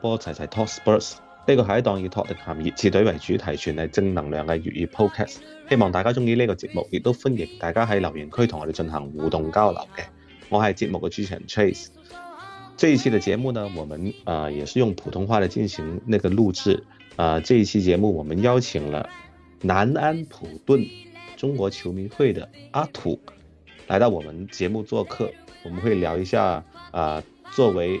波齊齊 Talk Spurs，呢個係一檔以托定咸熱刺隊為主題，傳遞正能量嘅粵語 podcast。希望大家中意這個節目，亦都歡迎大家喺留言區同我哋進行互動交流。我係節目嘅主持人 Chase。這一期的節目呢，我們啊、呃、也是用普通話嚟進行那個錄製啊。這一期節目，我們邀請了南安普頓中國球迷會的阿土，來到我們節目做客。我們會聊一下啊、呃，作為